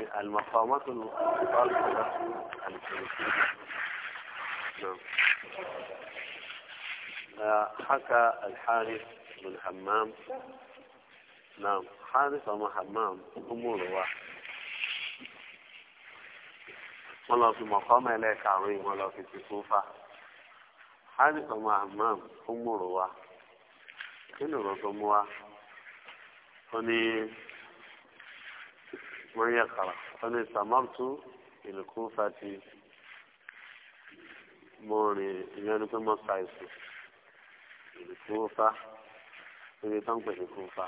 المقامات المطالبة نعم حكى الحارث بن حمام نعم حارث وما حمام أمور واحد ولا في مقام إليك عظيم ولا في تصوفة حارث وما حمام أمور واحد كل رسم واحد wọ́n yẹ kàrà wọ́n ní sàmọ́tù ìlùkú fati mo rìn ìyẹn ni pé mo ṣàìsàn ìlùkú fa ibi tó ń pè ní kúfa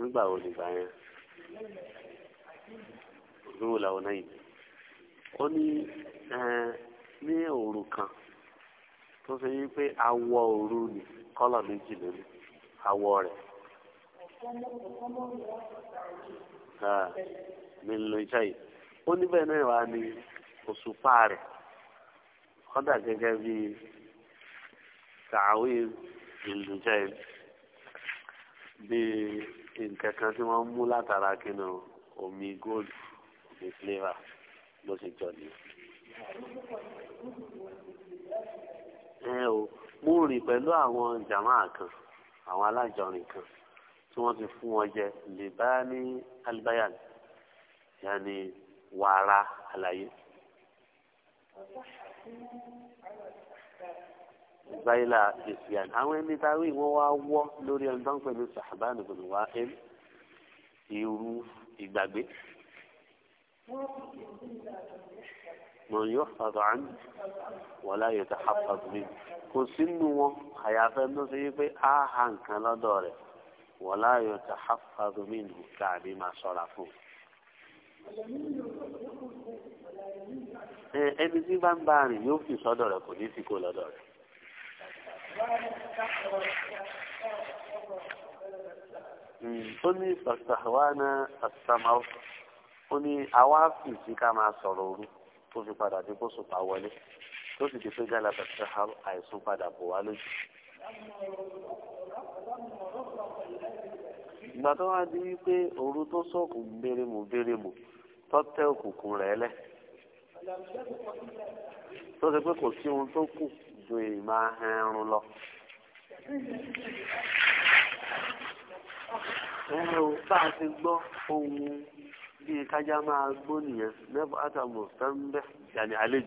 nígbà wo nìgbà yẹn olówó làwọn náà yìí ó ní ní òru kan tó ṣe yí pé awọ òru ni kọ́lọ̀ méjì lónìí awọ rẹ̀ nílò iṣẹ́ yìí ó níbẹ̀ náà wà ní òṣùpá rẹ̀ kọ́dà gẹ́gẹ́ bí tàwí nílò iṣẹ́ yìí bí nǹkan kan tí wọ́n mú látara kínú omi gold omi flavour ló ṣe jọ ní. ẹ o mo rìn pẹ̀lú àwọn jàmáà kan àwọn alájọrin kan tí wọ́n ti fún wọn jẹ lè bá ní alibayan yanni wàrà àlàyé. Báyìlá Ìsìyàn, àwọn ẹni táwí wọ́n wá wọ́ lórí ẹni tó ń pè ní Sàbáàni Bùnú wá ẹ̀m irú ìgbàgbé. Mọ̀ yóò fàtọ̀ àmì wọ́n láyé tó Kò sínú wọn, àyàfẹ́ ló ṣe yí pé áhà nǹkan lọ́dọ̀ rẹ̀ wọ́lá yóò tẹ hafadu minhu káàbí máa sọ́ra fún un. ẹni tí bá ń bá rìn yóò fi sọ́dọ̀ rẹ̀ kò ní sí kó lọ́dọ̀ rẹ̀. Hmm, ó ní fàṣàwánà àṣàmáwò ó ní awáfì tí ká máa sọ̀rọ̀ òru tó fi padà dé kó sùpà wọlé tó sì ti pé gálà fàṣàwánà àìsùn padà bò wá lójú. ìgbà tó wá di wípé ooru tó sọ̀kù gbérémù gbérémù tọ́tẹ́ òkùnkùn rẹ̀ lẹ̀ tó ṣe pé kò sí ohun tó kù ju ìmọ̀ ẹrun lọ. bá a ti gbọ́ ohun bíi kájá máa gbó nìyẹn àtàwọn yàní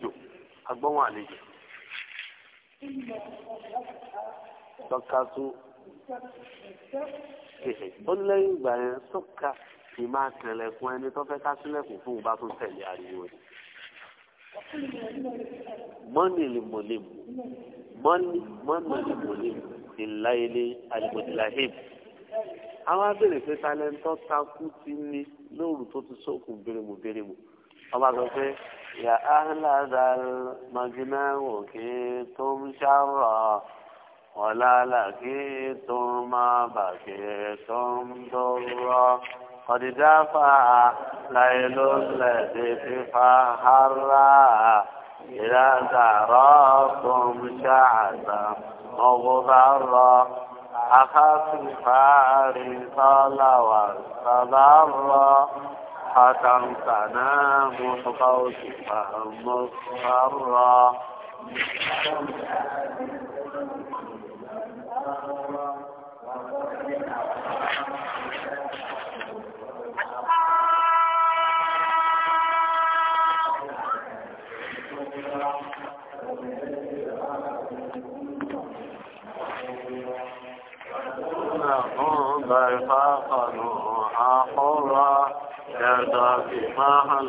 ó lẹ́yìn ìgbà yẹn sọ́ka kì í máa tẹ̀lé fún ẹni tó fẹ́ ká sílẹ̀kùn fún un bá tún tẹ̀lé ariwo rẹ̀. mọ́nì lè mọ̀lẹ́ mu mọ́nì mọ́nì lè mọ̀lẹ́ mu ìlà ilé alimọ̀dìláhìm. àwọn abèrè pé talẹ́ńtọ́ takú ti ní lóòrù tó ti sókun bérémù bérémù. ọba sọ pé yà á ń lára màgínà òkè tó ń ṣàrọ̀. ولا لقيتم ما بقيتم ضرا قد دفع ليل الذي فهرا إذا تراكم شعبا مغبرا أخذ الفار صلى واستضرا ختمتنا محقوسا مصفرا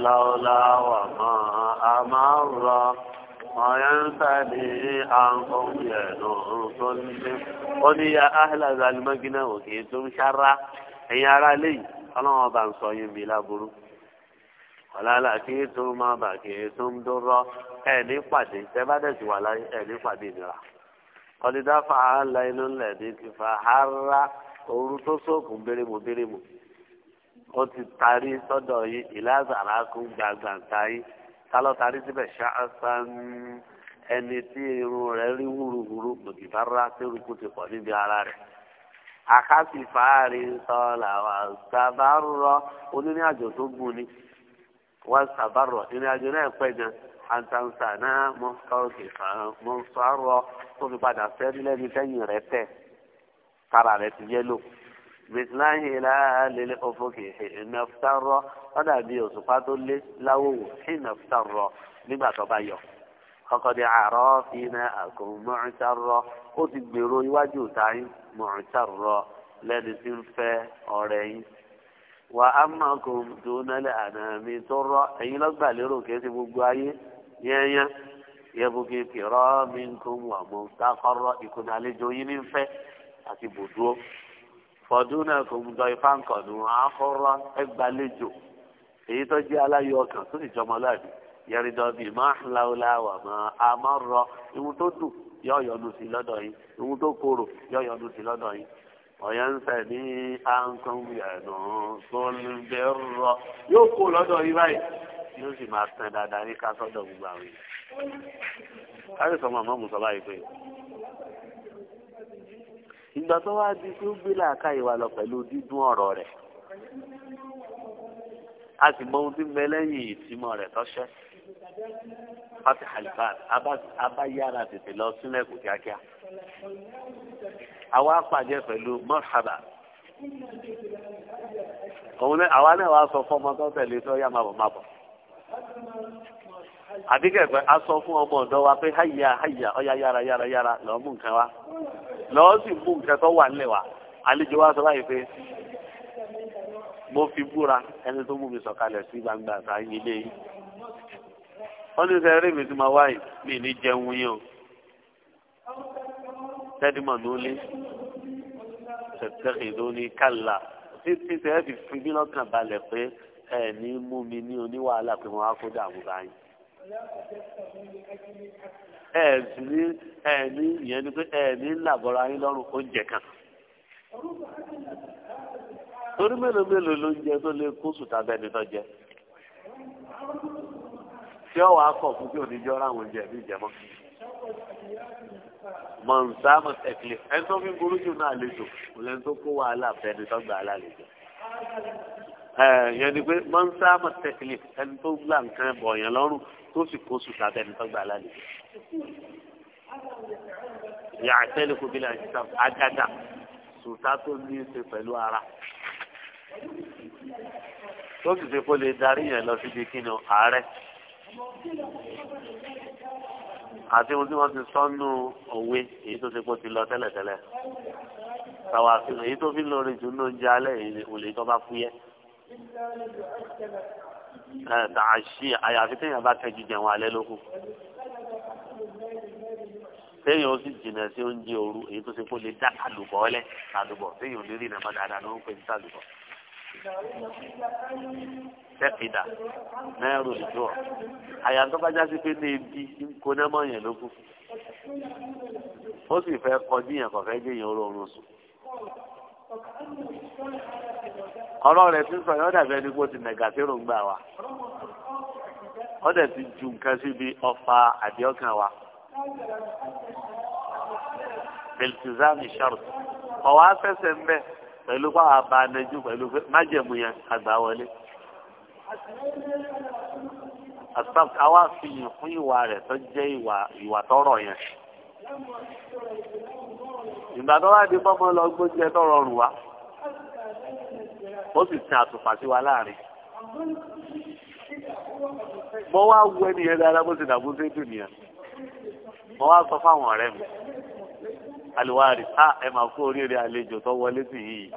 لولا وما ní àǹkọ́n yẹn lòun tó ń ṣe ó ní ahla zalimagina òkè tó ń ṣára ẹ̀yin ara léyìí ọlọ́run ọba ń sọ yín bí láburú ọ̀làlà kí tó má bà kí tó ń dúró ẹ̀ ní pàdé tẹ́ bá dẹ̀ ti wà láyé ẹ̀ ní pàdé ìnira ọ̀dídá fa àlà inú lẹ̀dí ti fa ara ooru tó sókun bérémù bérémù ó ti tarí sọ́dọ̀ yìí ìlàzàrà kún gbàgbàǹtà yìí ta ló tarí síbẹ̀ ṣáà ẹni tí irun rẹ̀ rí wúruwúru gbòkìtà rà sẹ́rùkù ti pọ̀ níbi ara rẹ̀ àkásì fàárì sọ́ọ̀là wà sàbárọ̀ onírìnàjò tó gùn ni wà sàbárọ̀ ìrìnàjò náà pẹ́ gan àtàǹsà náà mọ́sọ́rọ̀ tó fi padà sẹ́rí lẹ́ni tẹ́yìn rẹ̀ tẹ̀ kára rẹ̀ ti yẹ́lò bìtìláyìn ìlàlẹ́lẹ́ ọ̀fọ̀kì ìnàfitárọ̀ ọ̀dàbí òṣùpá tó lé láwòwò ìnàfitárọ̀ nígbà tó bá kọ́kọ́dé àárọ̀ fínà àkùn mọ̀ọ́tàrọ̀ ó ti gbèrò iwájú ìta yín mọ̀ọ́tàrọ̀ lẹ́ni tí ń fẹ́ ọ̀rẹ́ yín. wà á mọ̀ kó dúnálẹ̀ àná mi tó rọ ẹ̀yin lọ́gbà lérò kéésì gbogbo ayé yẹ́nyẹ́ yẹ́bùkì kìrọ́ mi ń kó wà mọ̀ sákọ́rọ́ ìkùnà àlejò yín ní fẹ́ àti bùdúó. fọ̀dúnà kò ń dọ ifá ń kọ̀dùn àkọ́rọ́ ẹgbàlejò èyí tó jẹ́ aláyọ̀ ọkàn tó sì jọmọ láàbì yẹrìndọ́ bíi máa ń láwùlá wà máa a máa rọ ìwù tó dùn yọ yọnu sí lọ́dọ̀ yìí ìwù tó korò yọ yọnu sí lọ́dọ̀ yìí ọ̀yẹ́ ń sẹ̀ ní àǹkóńgbìyànù tó ń bẹ rọ yóò kó lọ́dọ̀ yìí báyìí yóò sì máa tẹ̀ dáadáa ní ká sọ́dọ̀ gbogbo àwọn yìí. káyọ̀ sọ màmá mu sọ báyìí pé ìgbà tó wá di tó gbé làákà ìwà lọ pẹ̀lú dídún ọ̀rọ̀ rẹ̀ a sì mọ ohun tí ń bẹ lẹ́yìn ìtìmọ̀ rẹ̀ tọ́ṣẹ́. fati halifat abayára tètè lọ sílẹ̀kùn kíákíá àwa pàdé pẹ̀lú mọ́ṣábà òun náà àwa náà wá sọ fún ọmọ tó tẹ̀lé tó yá ọmọ wa pé háyà háyà ọ̀yà yára yára yára lọ́ọ́ mú nǹkan wa lọ́ọ́ sì mú nǹkan tó wà wa àlejò wa sọ báyìí pé mo fi búra ẹni tó mú mi sọ̀kalẹ̀ sí gbangba àtàyè ilé yìí. wọ́n ní sẹ́rí mi tí mo wá yìí mi ní jẹun yín o tẹ́tí mọ̀ ní ó lé tẹ̀tẹ̀kì ló ní kálá títí tẹ́ẹ̀ fi fi mí lọ́kàn balẹ̀ pé ẹ ní mú mi ní oníwàhálà pé mo wá kó dààmú báyìí. ẹ sì ní ẹ ní ìyẹn ni pé ẹ ní làbọ̀ra yín lọ́rùn oúnjẹ kan. torí mélòó mélòó ló ń jẹ tó lè kó sùtà bẹ́ẹ̀ tó jẹ tí ọ wàá kọ̀ fún kí oníjọ́ ráwọn jẹ ní ìjẹmọ́. mọ̀nsámọ̀ ẹ̀kìlẹ̀ ẹni tó fi ń burú jù náà àlejò òun tó kó wàhálà fẹ́ni tó gba àlejò. yẹn ni pé mọ̀nsámọ̀ ẹ̀kìlẹ̀ ẹni tó gbà nǹkan bọ̀ yẹn lọ́rùn tó sì kó sùn sábẹ́ni tó gba àlejò. yàtẹ́lẹ̀ kò bí la ṣe sàm ágádà sùtá tó ní ṣe pẹ̀lú ara tó sì ṣe kó lè darí yẹn lọ síbi kí àti ohun tí wọ́n ti sọ́nù òwe èyí tó ti pọ́ ti lọ tẹ́lẹ̀tẹ́lẹ̀ tàwa àfihàn èyí tó fi lórí jù ní oúnjẹ alẹ́ èyí olè tó bá fúyẹ́ tààṣì àyàfi téèyàn bá tẹ́jú jẹun alẹ́ lókù téèyàn ó sì jìnà sí oúnjẹ òru èyí tó ti pọ́ lè dá àlùbọ́ lẹ̀ àlùbọ́ téèyàn ò lè rí ìnàmọ́ dáadáa ló ń pè ní àlùbọ́ sẹ́kìdà náírà òjò àyà tó bá jásí pé ní ibi ń koná mọ́ yẹn lókù ó sì fẹ́ kọjú yẹn kò fẹ́ jẹ́ yẹn oorun sùn. ọ̀rọ̀ rẹ̀ ti sọ yọ́ dàbí ẹni pé ó ti nàgà sí ròǹgbà wa ó dẹ̀ ti ju nǹkan síbi ọfà àdéhùnkàn wa. beltizami sharp ọ̀wá fẹsẹ̀ ń bẹ́ẹ̀ pẹ̀lú kó àbànẹ́jú pẹ̀lú májẹ̀mú yẹn àgbà wọlé. asaf àwa fi yìn fún ìwà rẹ̀ tó jẹ́ ìwà ìwà tọrọ yẹn. ìgbà tó wá di pọ́nmọ́ lọ gbójúẹ tó rọrùn wá ó sì sin àtùpà sí wa láàrin. mo wá wú ẹnìyẹn dáadáa bó ti dàgbó sí ètò nìyẹn mo wá sọ fáwọn ọ̀rẹ́ mi aliwari a ẹ máa kó oríire àlejò tó wọlé sí yìí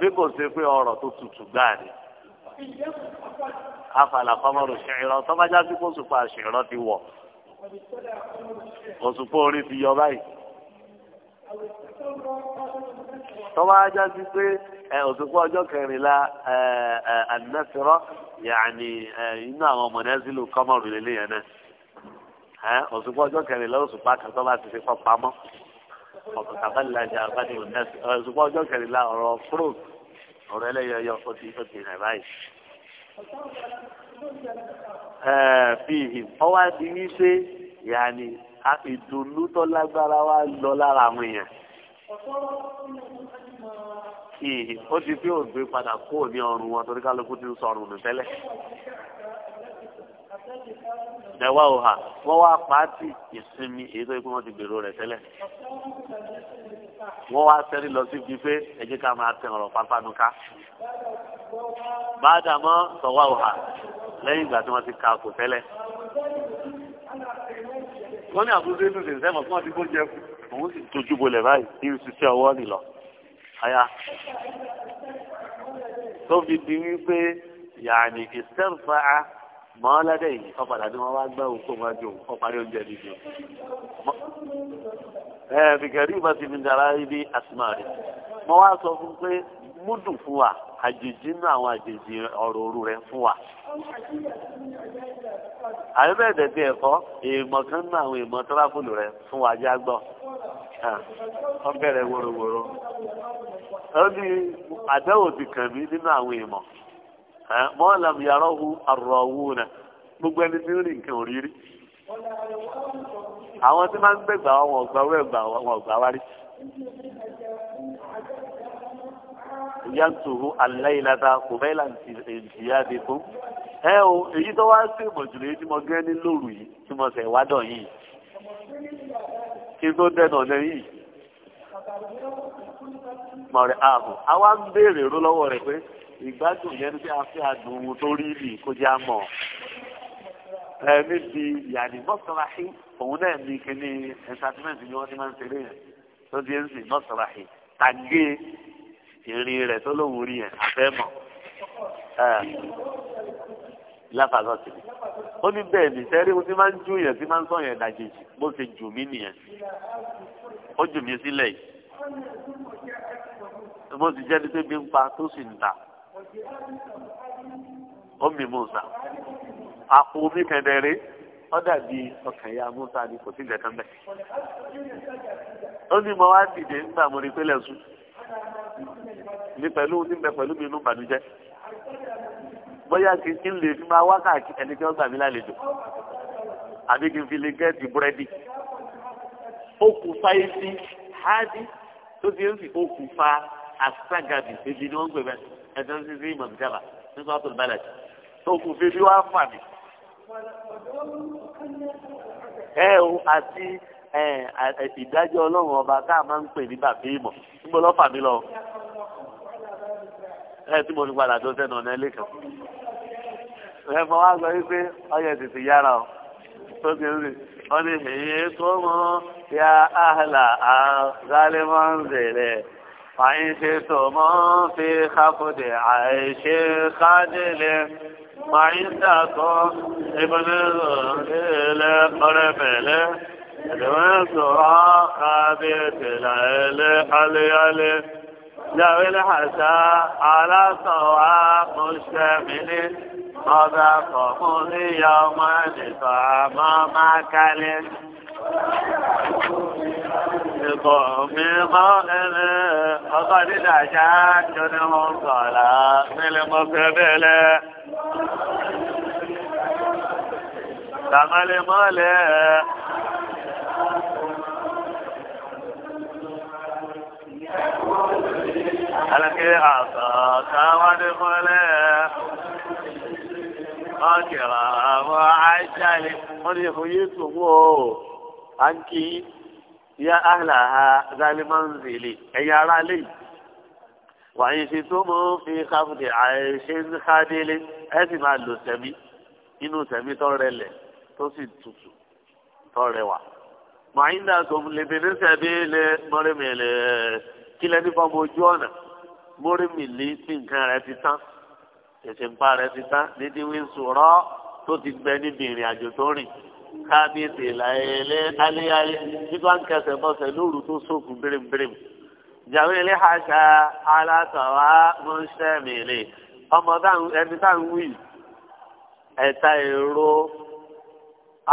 bí kò ṣe pé ọ̀rọ̀ tó tutù gbáà ni afala kọmọrò ṣèrọ tọmọjá sí kó sùpà ṣèrọ ti wọ òṣùpá orí ti yọ báyìí tọmọjá sí pé òṣùpá ọjọ́ kẹrìnlá ànínàṣẹrọ yàní inú àwọn mọ̀nẹ́sílù kọmọrò lélẹ́yìn náà òṣùpá ọjọ́ kẹrìnlá òṣùpá kan tó bá ti fi kọ́ pamọ́ ọ̀pọ̀ tàbálìlájà àbádé òǹdẹ́sì òṣùpá ọjọ́ kẹrìnlá ọ̀rọ̀ fúrò ọ̀rọ̀ ẹlẹ́yọyọ ó ti ó ti rìn báyìí. fíìhì ọwọ́ ti ní ṣe yàní ìdùnnú tó lágbára wa lọ lára àwọn èèyàn. fíìhì ó ti fi òògbé padà kúrò ní ọrùn wọn torí kálukú ti ń sọrùn nù tẹ́lẹ̀ dẹwà òhà wọ́n wá pàtì ìsinmi èyí tó yẹ kó wọ́n ti gbèrò rẹ̀ tẹ́lẹ̀ wọ́n wá sẹ́rí lọ sí fífẹ́ ẹ̀jẹ̀ ká máa tẹ̀ ọ̀rọ̀ pápánuká bàdà mọ́ sọ̀wá òhà lẹ́yìn ìgbà tí wọ́n ti ka kò tẹ́lẹ̀ wọ́n ní àbúrò inú lè sẹ́mọ̀ fún ọdún gbọ́jẹ òun sì tójú bolẹ̀ báyìí bí ìṣiṣẹ́ ọwọ́ nìlọ aya tó fi di wípé yàní ìsẹ́ǹfà mọ́ọ́lẹ́dẹ̀ yìí ọ̀padà ni wọ́n wá gbá òkú wọn jò oúnjẹ dídì ẹ bìkẹ́rì ti fi dára ibi mo sọ fún pé fún wa àjèjì nínú àwọn àjèjì ọ̀rọ̀ òru fún wa. ẹ̀kọ́ èèmọ̀ kan nínú àwọn èèmọ̀ fún wa já gbọ́ ọ bẹ̀rẹ̀ ó ní ti kàn mí nínú àwọn mọ́ọ̀làm yàrá hu gbogbo ẹni tí ń rí nǹkan òrírí. àwọn tí máa ń gbẹ̀gbà wọn ọ̀gbà wọn ọ̀gbà wá yantuhu si kò bẹ́ẹ̀ là fún. ẹ o èyí tó wá sí ìmọ̀jùlọ tí mo gẹ́ ní lóru yìí tí mo ìgbádùn yẹn ní bí a fẹ́ adùn ohun tó rí rí kó jẹ́ àmọ́ ẹ̀mí di yàrá mọ́sálásí òun náà ní kíní ẹ̀ńtàtímẹ́ǹtì ni wọ́n ti máa ń ṣeré yẹn tó di ẹ̀ńsì mọ́sálásí tàgé ìrìn rẹ̀ tó lóun rí yẹn àfẹ́ mọ̀ lápàlọ́ sí mi ó ní bẹ́ẹ̀ ní sẹ́rí mo ti máa ń jú yẹn ti máa ń sọ̀yẹn ìdajì bó ṣe jù mí nìyẹn ó jù mí sílẹ̀ yìí mo ti jẹ́ ní pé bí ń pa tó sì ń ta. Ummi Musa àpò omi kẹdẹrẹ ó dàbí ọkàn ya Musa ni kò sí ìjẹkan bẹ ó ní mo wá dìde nígbà mo rí pélé sùn ní pẹ̀lú níbẹ̀ pẹ̀lú mi inú bànújẹ́ bóyá kí n lè fi máa wákàtí ẹni tí wọ́n gbà mí lálejò àbí kí n fi lè gẹ́ẹ̀tì búrẹ́dì okùnfà etí háàdì tó ti ń fi okùnfà àṣàgàbì èdè ni wọ́n gbé bẹ́ẹ̀ ẹ̀sẹ̀ ń sisi mọ̀tẹ́lá nípa tó bẹ̀rẹ̀ tó kù fífi wá fà mí. ẹ o àti ìdájọ́ ọlọ́run ọba tá a máa ń pè ní bàbí ìmọ̀ níbo lọ́ fà mí lọ. ẹ tí mo ní padà tó sẹ́nu ọ̀nà ilé kan. ẹ mọ wá sọ wípé ọyẹ tètè yára o tó ti rí wọn ni èyí tó mọ ya àhàlà àzálẹ́mọ́ ń rẹ̀ فإن شئتم في خفض عيش خجل وعندكم ابن القربل ابن سراخ بيت العيل حليل ذوي الحسى على صواب مشتمل صدقكم اليوم فما مكلم وقد دعشت المنصلة بالمقبلة كما المولى ألقي عصاك وادخلي أكرم وعجل قد خيطه à ń kí yá àhàlà ha zalimanzili ẹ̀yin ará lè wàyí ṣe tó mọ́ fi káfíńtì àìṣe ń ká délé ẹ sì máa lò sẹ́mi inú sẹ́mi tó rẹlẹ̀ tó sì tutù tó rẹwà. màáyíndà tó ń lè bèrè sẹ́mi lè mọ́rẹ́mìlẹ̀ kílẹ̀ nípa ọmọ ojú ọ̀nà mọ́rẹ́mìlì tí nǹkan rẹ ti tán ṣẹ̀ṣẹ̀ pa rẹ ti tán nídìí wíńsù rọ́ tó ti gbẹ níbi ìrìn àjò tó rìn kábíyèsí láyélé aléyáyé nígbà ń kẹsẹ̀ bọ́sẹ̀ lóru tó sókun bírèmbírèm ìjàwé ilé haṣa alátọ̀wá mọ́ṣẹ́mìlì ọmọ ẹni tá ń wí ẹ̀ta èrò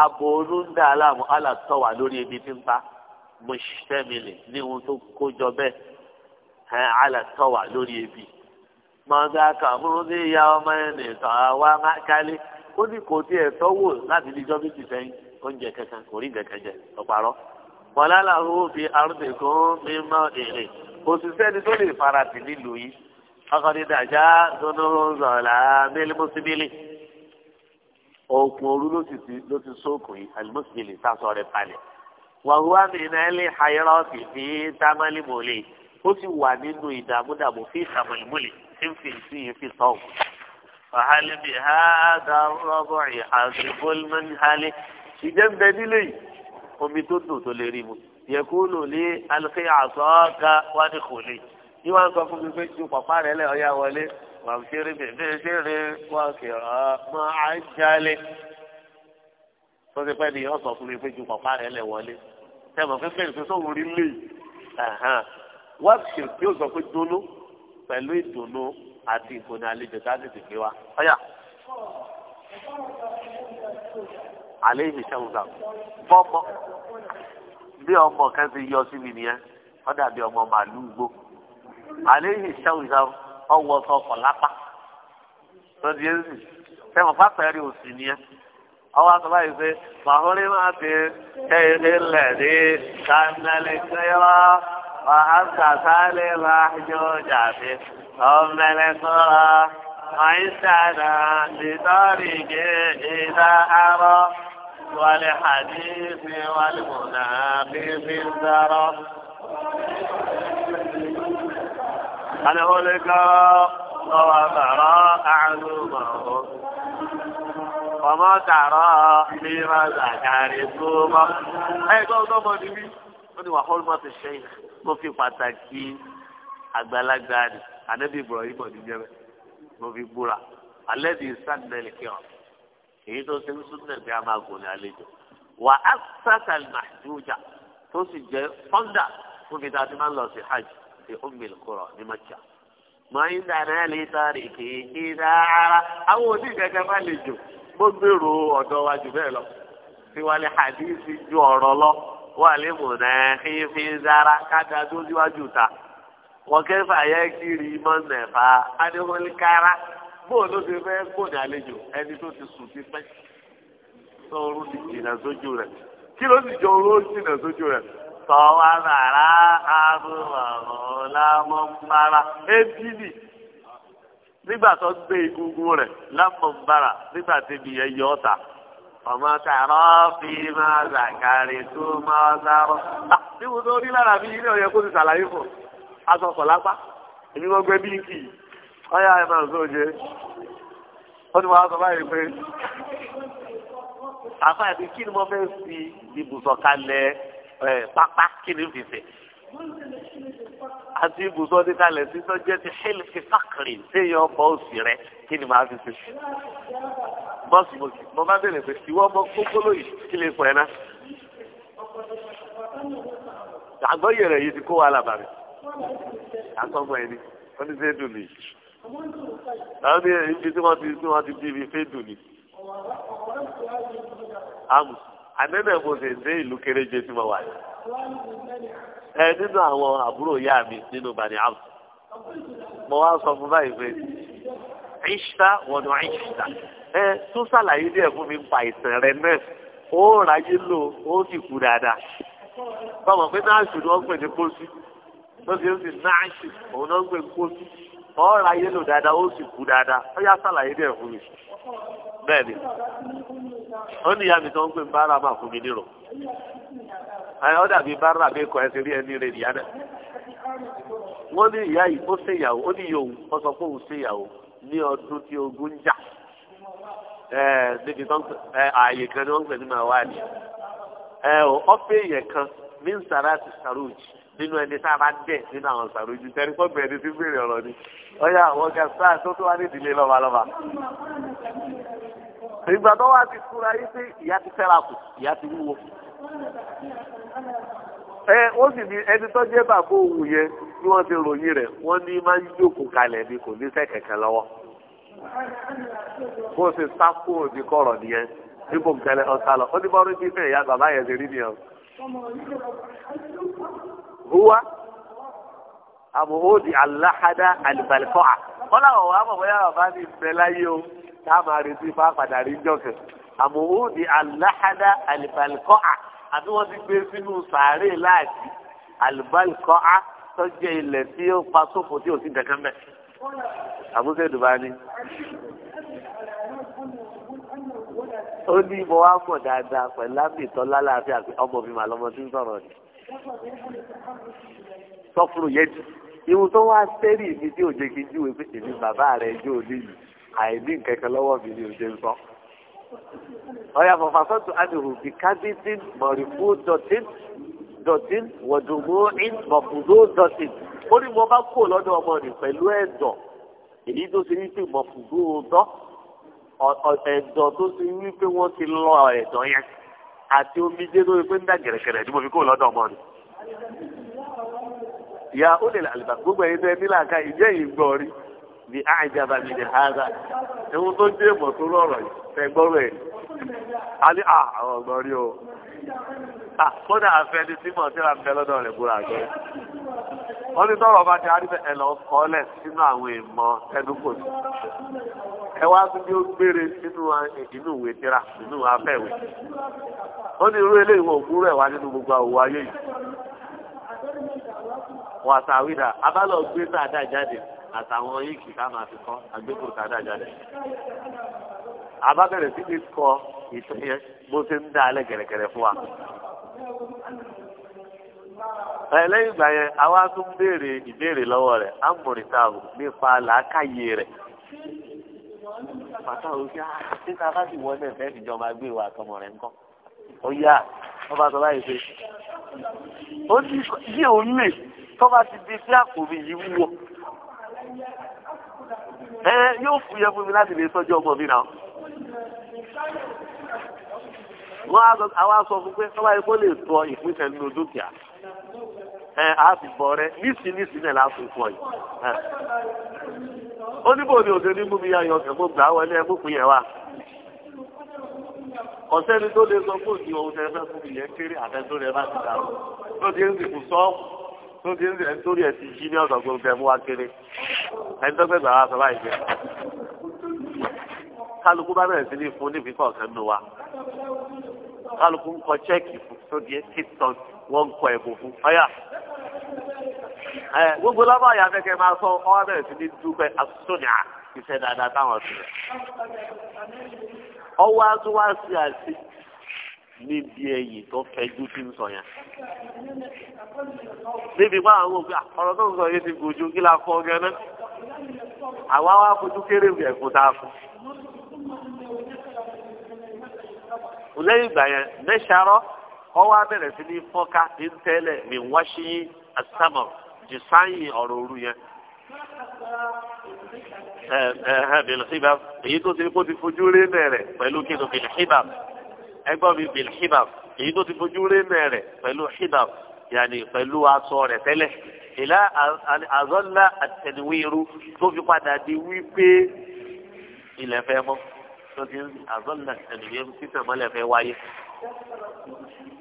abo olúndà aláàmú alátọ̀wá lórí ibi tí ń pa mọ́ṣẹ́mìlì ní ohun tó kójọ bẹ́ẹ̀ alátọ̀wá lórí ibi mọ̀gá kàmúrú ní ìyá ọmọ ẹni tọ̀wá mákálí ó ní kò tiẹ̀ tọ́wò láti di jọ́ méjì sẹ́yìn oúnjẹ kankan kò rí nǹkan kan jẹ ọ̀pàrọ̀ wàlá làwọn fi àrùndè kan mímọ́ èrè òṣìṣẹ́ ni tó lè farati nílùú yìí ọkọ̀dé dàjà dundunzọ̀lá mílímùsíbílì òkun òru ló ti ló ti sókun yìí àlùmùsíbílì sásọ rẹ palẹ̀ wàhùwà mìíràn lè hayọ́rọ́ fìfì támálìmọ́lẹ̀ ó ti wà nínú ìdààmúdààmú fí ìtàmọ̀lìmọ́lẹ̀ tí ń fi sí yìí fi tọ́wọ́ fàhálì bí ha dá rọ́bọ̀ ìhàzì bọ́lmán hálì ṣìjẹ́ ń bẹ nílé yìí omi tó dùn tó lè rí mu yẹkúlù lé alùpùpù àtọ́ka wá ní kò lè yí wọ́n sọ fún mi pé ju pàpá rẹ̀ lẹ́ ọ̀yá wọlé wọ́n fi rí mi bí ṣe rí wọ́n kì ọ́ mọ́ àjálè tó ti pẹ́ ni yọ sọ fún mi pé ju pàpá rẹ̀ lẹ́ wọlé tẹ̀mọ̀ fẹ́ fẹ́ẹ́ fẹ́ sọ̀rọ̀ orí lè wọ́n sì yóò sọ pé dolo pẹ̀lú ìdùnnú àti ìkòní àlejò tá a tètè wa. ọ̀yà àlẹ́ ìṣẹ́wọ̀n gbà bọ́mọ bí ọmọ kan ti yọ sí mi nìyẹn wọ́n dàbí ọmọ màálù gbó àlẹ́ ìṣẹ́wọ̀n gbà ọwọ́ sọ̀kọ̀ lápá lọ́dí ẹ̀sìn sẹ́wọ̀n fàpẹ́rẹ́ òsì nìyẹn ọwọ́ àtọ́lá yìí pé máa ti ní وأبقى صالح محجوجة أم القرى وإنسانا لطريق إذا أرى والحديث والمنافي أنا أقول أنه هو فراء علومه وما ترى فيما ذكرتكم أي قول ضمني وحرمة الشيخ tó fi pàtàkì àgbàlagbà ni anabi ibrahim ọdún jẹbẹ mo fi búra alẹ́ bíi sànẹ́lì kíọ̀ èyí tó ṣe ń súnmọ́ bí a máa gùn ní àlejò wà á sàkàl mahjuja tó sì jẹ́ fọ́ndà fún mi tàbí máa ń lọ sí hajj sí ummil qura ní Makkah. máa ń dáná lè sáré kéèké rárá àwọn oníkẹ́kẹ́ má lè jò mo gbèrò ọ̀dọ́ wa bẹ́ẹ̀ lọ tiwálé hadithi ju ọ̀rọ̀ lọ wà lẹ́mọ̀ náà fífi zara kájà tó síwájú ta wọ́n kẹfà yẹ kiri mọ́ nẹ̀fà adéwọ́lìkára bóun ló ti fẹ́ kó ní àlejò ẹni tó ti sùn ti pẹ́ sọ́ọ́rù ti jìnnà sójú rẹ̀ kí ló sì jọ oró jìnnà sójú rẹ̀ tọ́wá rárá abúlọ̀ lámọ́mbára ébí nì nígbà tó gbé egungun rẹ̀ lámọ́mbára nígbà tí ibi yẹn yọ ọ́ ta ọmọ tààrọ fi máa zàkàrí tó máa zàrọ. níbo tó rí lára mi ilé ọ̀yẹ́ kó ti ṣàlàyé fún aṣọ ọ̀pọ̀ lápá èmi wọ́n gbé bíńkì ọ̀yà ẹ̀ máa sọ oje ó ti wàá sọ báyìí pé àfa ẹ̀mí kí ni mo fẹ́ fi ibùsọ̀ kalẹ̀ ẹ̀ pápá kí ni fi fẹ́ àti ibùsọ̀ ní kalẹ̀ sísọ jẹ́ ti hẹ́lì fi fákìrì téèyàn ọkọ̀ òsì rẹ̀ kí ni màá fi fi bọ́ọ̀sì mo mo bá bèrè pé ìwọ ọmọ kókóló yìí kí lè pọ̀ ẹ́ náà. àgbọ̀yè rẹ̀ yìí ti kó wa làbà rẹ̀ àtọ́gbọ̀n ẹni wọ́n ti fẹ́ dùn mí. àwọn ní ibi tí wọ́n ti tí wọ́n ti bí ibi fẹ́ dùn mí. àmù ànẹ́nẹ̀ mo sì dé ìlú kéréje tí mo wà yìí. ẹ nínú àwọn àbúrò ìyá mi nínú bani àmù mo wá sọ fún báyìí pé ìṣá wọnú ìṣá. e tún ṣàlàyé díẹ̀ fún mi pa ìsìn rẹ náà ó ráyé lò ó sì kú dáadáa báwọn pé náà ṣùgbọ́n wọ́n pè ní pósí lóṣù yóò sì náà ṣì òun náà ń pè ní pósí ó ráyé lò dáadáa ó mi bẹ́ẹ̀ ni ó ní ìyá mi tó ń pè ní máa fún mi nírò ọ dàbí bára mi kọ rí ẹni níbi tó ń pè ààyè kan ni wọ́n ń pè ní mawali ọ̀pẹ yẹn kan min sarati saruj nínú ẹni tá a bá dẹ̀ nínú àwọn sàrújù tẹ́rí fọ́ bẹ̀rẹ̀ tí bèrè ọ̀rọ̀ ni ọ̀yà àwọn ọ̀gá sáà tó tó wá ní ìdílé lọ́balọ́ba. ìgbà tó wá ti fura yìí pé ìyá ti fẹ́ra kù ìyá ti wúwo. ẹ ó sì ní ẹni tó jẹ́ bàbá òun yẹn bí wọ́n ti ròyìn rẹ̀ wọ́n ní máa ń jókòó kalẹ̀ ni kò ní sẹ́kẹ̀kẹ̀ lọ́wọ́ bó o ṣe sá kúrò ní kọ̀rọ̀ nìyẹn níbo nkẹlẹ ọ̀sá lọ ó ní bọ́ọ̀rù bí fẹ́ ìyá bàbá yẹn ṣe rí nìyẹn. huwa amuhudi alahada alibalifọ́à wọ́n làwọn wà á mọ̀ bóyá bàbá mi bẹ láyé o tá a máa retí fún apàdánù ìjọkẹ́ amuhudi alahada alibalifọ́à àbí wọ́n ti gbé sínú sàárè láàjì alibalifọ́à tó jẹ́ ilẹ̀ tí ó pa sófo tí ò sí dẹ̀kẹ́ mẹ́ àbúṣe dùbánì ó ní mo wá pọ̀ dáadáa pẹ̀lú lábì tán lálàáfíà pé ọmọ mi màá lọmọ tí ń sọ̀rọ̀ ni. sọ́fúnù yẹn jù ìwọ̀n tó wá sẹ́rì mi tí òjé kí n júwe pé èmi bàbá rẹ̀ jó ní yìí àìní nkankan lọ́wọ́ mi ni òjé ń sọ. ọ̀yà fọ̀fà sọ́tù àdìhù bí kábíyèsí mọ̀rìfú dọ̀tín dọ̀tín wọ̀dùnmọ́ ìmọ̀fùdó dọ̀tín ó ní mo bá kó lọ́dọ̀ ọmọ rẹ̀ pẹ̀lú ẹ̀dọ̀ èyí tó ṣe wípé mo fún gbóòótọ́ ẹ̀dọ̀ tó ṣe wípé wọ́n ti lọ ẹ̀dọ̀ yẹn àti omijé tó wípé ń dà gẹ̀rẹ́gẹ̀rẹ́ ni mo fi kó lọ́dọ̀ ọmọ rẹ̀. ìyá ó lè làlùbà gbogbo ẹ̀yin tó ẹ nílà ká ìjẹ́ yìí gbọ́ rí ni àìjábá mi lè hága ẹ̀hún tó dé mọ̀ tó lọ́rọ̀ yìí fẹ́ gbọ́rọ̀ ẹ̀ wọ́n ní ti bá ti arífẹ́ ẹ̀lọ́ kọ́lẹ̀ sínú àwọn ìmọ̀ ẹ̀dúkò sí. ẹ tún ó gbére sínú inú ìwé tíra inú afẹ́wé. ní irú eléyìí nínú gbogbo àwòwá ayé yìí. wà àtàwídà abálọ̀ gbé sáadà jáde àtàwọn yìí ká máa fi kọ́ lẹ́yìn ìgbà yẹn àwa tún béèrè ìbéèrè lọ́wọ́ rẹ̀ amòrìta ò nípa làákàyè rẹ̀. bàtà òkè títa bá ti wọlé ẹ̀fẹ́ ìjọba gbé wa àtọmọ rẹ̀ ńkọ́. ó yá wọ́n bá sọ báyìí pé ó ní yí òun lè tó bá ti di sí àpò mi yìí wúwo. ẹ yóò fúyẹ́ fún mi láti lè tọ́jú ọmọ mi náà wọ́n á sọ fún pé tọ́wá ikú lè sọ ìpínlẹ̀ nínú dúkìá ẹ àfi bọ̀ rẹ nísì nísì náà láti fọ yìí. ó ní bòde òde ní mi yá yọ kẹ́kọ̀ọ́ gbà wọlé ẹkú fún yẹn wa. ọ̀sẹ́ni tó lè sọ fún òsì ohun tẹ́ fẹ́ fún mi yẹn kéré àtẹ́tó rẹ bá ti dà ó. tó ti ń sìnkú sọ́ọ̀mù tó ti ń sìnkú torí ẹ̀ ti jí ní ọ̀sán gbogbo ẹ̀ wa kéré. ẹni tó fẹ́ gbà wá sọ báyìí jẹ. kálukú bá bẹ̀rẹ̀ sí ní fún níbi kọ̀ọ̀kan nù wa. kálukú ń kọ wọ́n kọ ẹ̀bùn fún ọ̀yà. gbogbo ya àyà kẹ́kẹ́ máa sọ ọwọ́ bẹ̀rẹ̀ sí ní dúpẹ́ àtúntòní à iṣẹ́ dáadáa táwọn sì rẹ̀. ọwọ́ atúwàsí àti níbi ẹ̀yìn tó fẹjú sí ń sọ yẹn. níbi bá àwọn òbí ọ̀rọ̀ tó ń sọ yìí ti gòjú kí la fọ́ gan náà. àwa wá fojú kéré tá a ọwọ́ abẹ́rẹ́ sí ní fọ́nká ní tẹ́lẹ̀ mi wá sí asámọ̀ jù sáyìn ọ̀rọ̀ òru yẹn. bilhibab èyí tó ti kó ti fojú rí mẹ́rẹ̀ pẹ̀lú kíndùn bilhibab ẹgbọ́n mi bilhibab èyí tó ti fojú rí mẹ́rẹ̀ pẹ̀lú hibab yàní pẹ̀lú aṣọ rẹ̀ tẹ́lẹ̀ ìlà àzọ́lá àtẹnuwíru tó fi padà di wípé ilẹ̀ fẹ́ mọ́ tó ti àzọ́lá àtẹnuwíru títàn mọ́lẹ̀ fẹ́ wáyé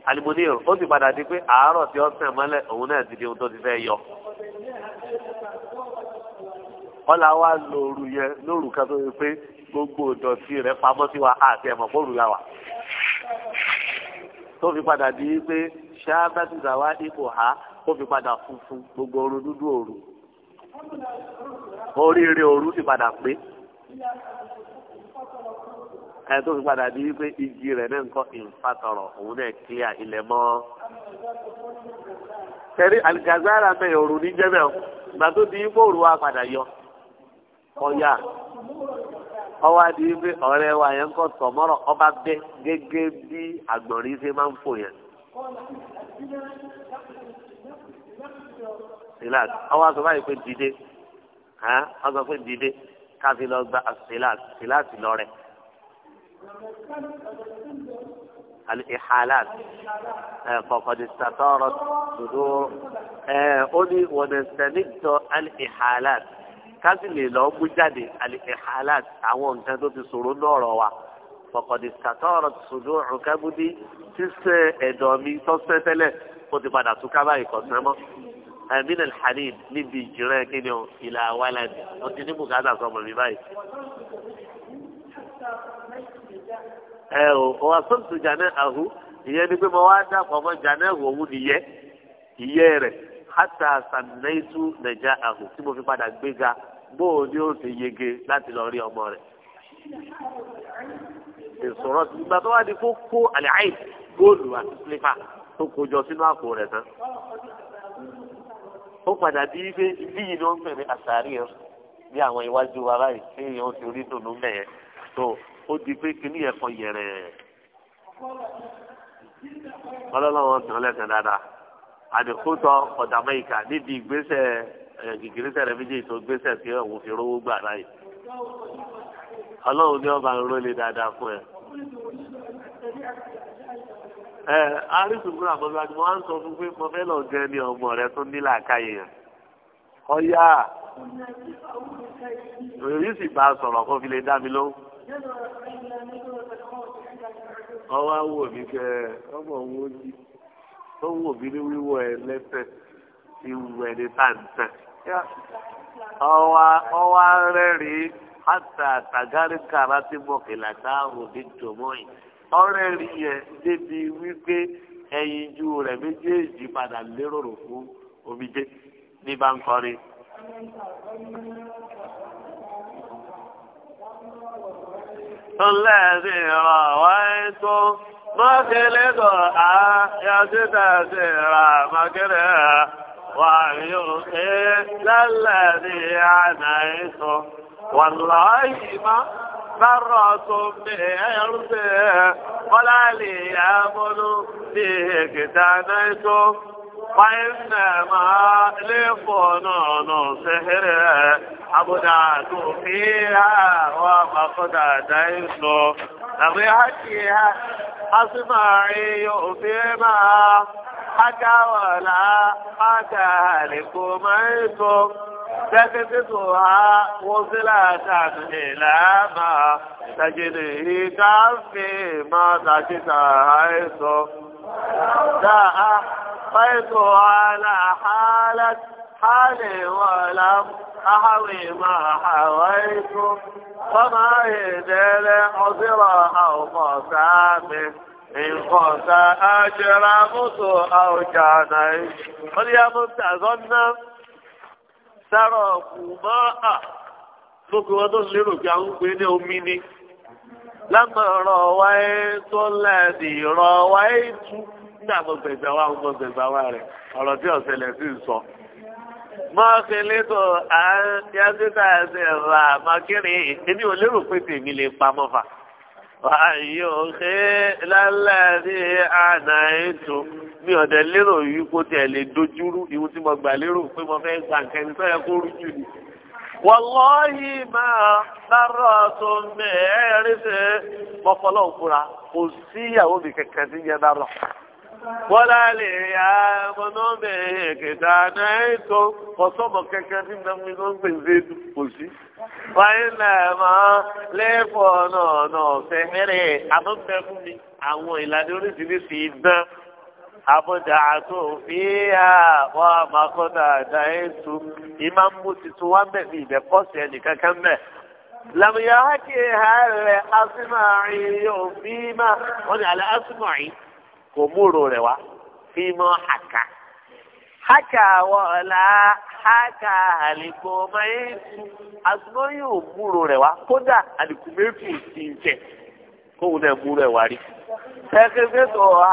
alimoni o ó sì padà di pé àárọ̀ tí ó sàn mọ́lẹ̀ òun náà ti di ohun tó ti fẹ́ yọ. ọ̀là wa lo òru yẹn lóru kan tó yẹ pé gbogbo ìdọ̀tí rẹ̀ pamọ́ sí wa àti ẹ̀mọ̀ fóònù la wà. tó fi padà di pé ṣáàbàtìsà wa ipò ha ó fi padà funfun gbogbo ooru dúdú òru. oríire òru sì padà pé ẹ tó fi padà di wípé igi rẹ̀ náà ń kọ́ ìfàtọ̀rọ̀ òun náà kílíà ilẹ̀ mọ́. tẹ̀rí àlìkàzára náà òru ní jẹ́bẹ̀ o ìgbà tó di wípé òru wa padà yọ ọ̀yà ọwọ́ adi wípé ọ̀rẹ́ wa yẹn ń kọ́ sọ̀mọ́rọ̀ ọba bẹ́ gẹ́gẹ́ bí àgbọ̀nrín ṣe máa ń fò yẹn asilat ọwọ asọ báyìí pé dìde ọsọ pé dìde káfí lọ gba asilat asilat lọrẹ الإحالات فقد استطارت صدور أولي ونستمد الإحالات kásìlè lọ mú jáde al-ihalat àwọn nǹkan tó ti sọ̀rọ̀ lọ́rọ̀ wa faqad istatarat sudu'u kabudi ṣíṣe ẹ̀dọ̀ mi tọ́sẹ̀ tẹ́lẹ̀ ó ti padà tún kábàá ìkọ̀sẹ́ mọ́ min al-hanin níbi ìjìnlẹ̀ kíni o ila walad ó ti ní bùkátà sọmọ mi báyìí ẹ o wà sọ́ọ̀tù jàǹdà àhú ìyẹn ni pé mo wá dàpọ̀ mọ́ jàǹdà àhú òun nìyẹ ìyẹ rẹ̀ hátà sàmìnàìtú nàìjà àhú tí mo fi padà gbéga bóò ni ó ṣe yege láti lọ rí ọmọ rẹ̀. ìṣòro ìgbà tó wá di kó kó àlẹ́ àì góòlù àti sílífà tó kojọ sínú àpò rẹ̀ tán ó padà bí ife bíyì ni ó ń pè ní àṣàrí ẹ bí àwọn iwájú wa báyìí tí èèyàn ti rí dùnú mẹ́yẹn tó ó di pé kíní yẹn kọ yẹrẹ ọlọ́lọ́wọ́ tàn lẹ́sẹ̀ dáadáa àdìkútọ̀ ọ̀dàmẹ́yìká níbi ìgbésẹ̀ ìgbésẹ̀ rẹ̀ tó gbésẹ̀ tí òun fi gbà láyè ọlọ́run ní ọba ń rólé dáadáa fún ẹ. ẹ arísùnkúrò àbọ̀bí àti wọn sọ ọmọ rẹ tó ní làákàyè yẹn èyí sì bá a sọ̀rọ̀ kó fi lè ọwọ́ awò mi kẹ ọmọ òun ó jí ó wò mí ní wíwọ ẹ lẹ́sẹ̀ ti wù ẹ ní tàǹtà ọwọ́ arẹ́rìí hàtà tàgárí kàrá tí mọ̀kìlá táwọn òbí jòmọ́ yìí ọrẹ́rìí yẹn débi wípé ẹyinjú rẹ̀ méjèèjì padà lérò fún omijé ní bá ń kọrin. الذي رويته مخلد آية تسير مكره ويلقي للذي عنيته والله ما فرة بإرضه ولا ليامن به كتانيته وإنما لفنون سحره abúdá tó fi àwọn àpapọ̀dà àdáyé sọ àbí hákì ha asúmàárí yóò fi máa hágáwàlá hágà àlèkò máa ń sọ tẹ́kẹ́ títò ha wọ́n sí látàdù ìlàmà tàjìlì ìkáfí máa tàjìtà àìsọ dáa fẹ́tò àlàhálẹ̀ wọ́n lámù أحوي ما حويتم وما يدل عذرا أو مصابه إن كنت أجرمت أو جاني قل يا منتظن سرقوا ماء gbogbo wọn tó ń lérò pé àwọn ń pè ní omi ni lámọ̀ràn wáyé tó lẹ́ẹ̀dì ràn wáyé tú nígbà gbogbo ìgbà wa gbogbo ìgbà wa rẹ̀ ọ̀rọ̀ tí ọ̀sẹ̀ lẹ̀ sí sọ mọ́ọ̀sí lẹ́tọ̀ àyàtítà ẹsẹ̀ rà mákìrì èmi ò lérò pé tèmi lè pamọ́ fa. Àyò ṣe lálẹ́ ní àná ètò mi ò dẹ̀ lérò yìí kó tiẹ̀ lè dojúrú ìwọ tí mo gbà lérò pé mo fẹ́ gbà nkẹ́ni tó yẹ kó rújú ni. Wàlọ́ọ̀yì máa lárọ̀ tó mẹ́ẹ̀ẹ́rì ṣe mọ́fọ́lọ́ òkúra kò sí ìyàwó mi kẹ̀kẹ́ sí yẹn lárọ̀. wọ́lá lè yá ọmọnọ́mẹ́ kẹta náà na ọ̀sọ́mọ̀ kẹ́kẹ́ tí mẹ́mú iná ń gbèsè sí. wáyé náà lẹ́fọ̀ náà náà fẹ́rẹ̀ abọ́fẹ́ mi àwọn ìlànà oríṣiríṣi àbọ̀dà àtò wọ́n a máa kọ́ mú wá bẹ̀ ní ẹnì kankan bẹ̀ kò múrò rẹ̀ wá fi mọ́ àká. Hákà wọ̀ọ́lá hákà àlìkò mẹ́ẹ̀kù. Àtúnọ́ yóò múrò rẹ̀ wá kódà àlìkò mẹ́ẹ̀kù ti ń jẹ kóhun náà múrò ẹ̀ wá rí. Ṣẹ́kẹ́fẹ́ tó wá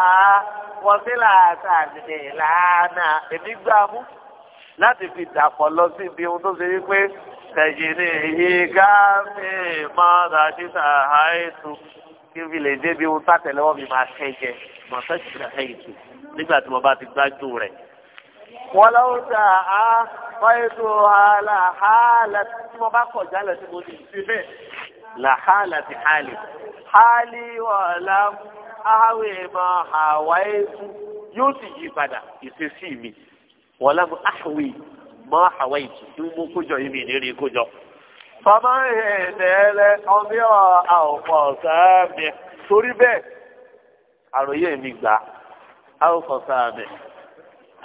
wọ́n sí làásà nílẹ̀ lánà èmi gbà láti fi dàpọ̀ lọ sí ibi ohun tó ṣe wípé tẹ̀yìn ní ìyí gáàmì mọ́ra títà àìsùn kí n fi lè débi ohun tátẹ̀lẹ́wọ́ mi máa tẹ́ jẹ màtá ìṣúná ẹ̀yìn tó nígbà tí mo bá ti gbájú rẹ̀. wọ́n lọ́wọ́ sà á wáyé tó àlà hàlà tí mo bá kọ̀ jálẹ̀ tí mo ti fi bẹ́ẹ̀. là hàlà ti hàlì. hàlì wàlà áwì mọ àwáyé tó yóò sì yí padà ìṣesí mi wàlà áwì mọ àwáyé tó mo kójọ yìí mi ní rí kójọ. Fọmọ́ ìhẹ̀lẹ́lẹ́ eh, ọmọ àwòkọ́ sáàmì torí bẹ́ẹ̀ àròyé mi gbà àwòkọ́ sáàmì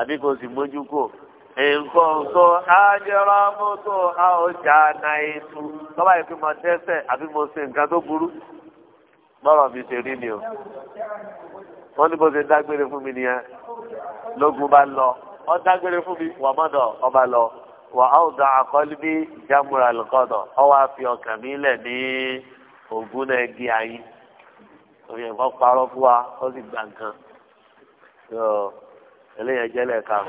abi sì mójú kò. Nǹkan tó ájẹ́rọ́ mọ́tò àwòjà náà ètò lọ́wọ́ ìpè tẹ́sẹ̀ àbí mo ṣe nǹkan tó burú. Bọ́rọ̀ mi ṣe rí ni o. Wọ́n ní bó ṣe dágbére fún mi nìyẹn. Lógun bá lọ. dágbére fún ọba lọ. wà á ò dá akọ́líbí jámúra lùkọ́dọ̀ ọ wá fi mi lẹ̀ ní ògún náà gé ayé òun yẹn parọ́ fún wa ó sì gbà nǹkan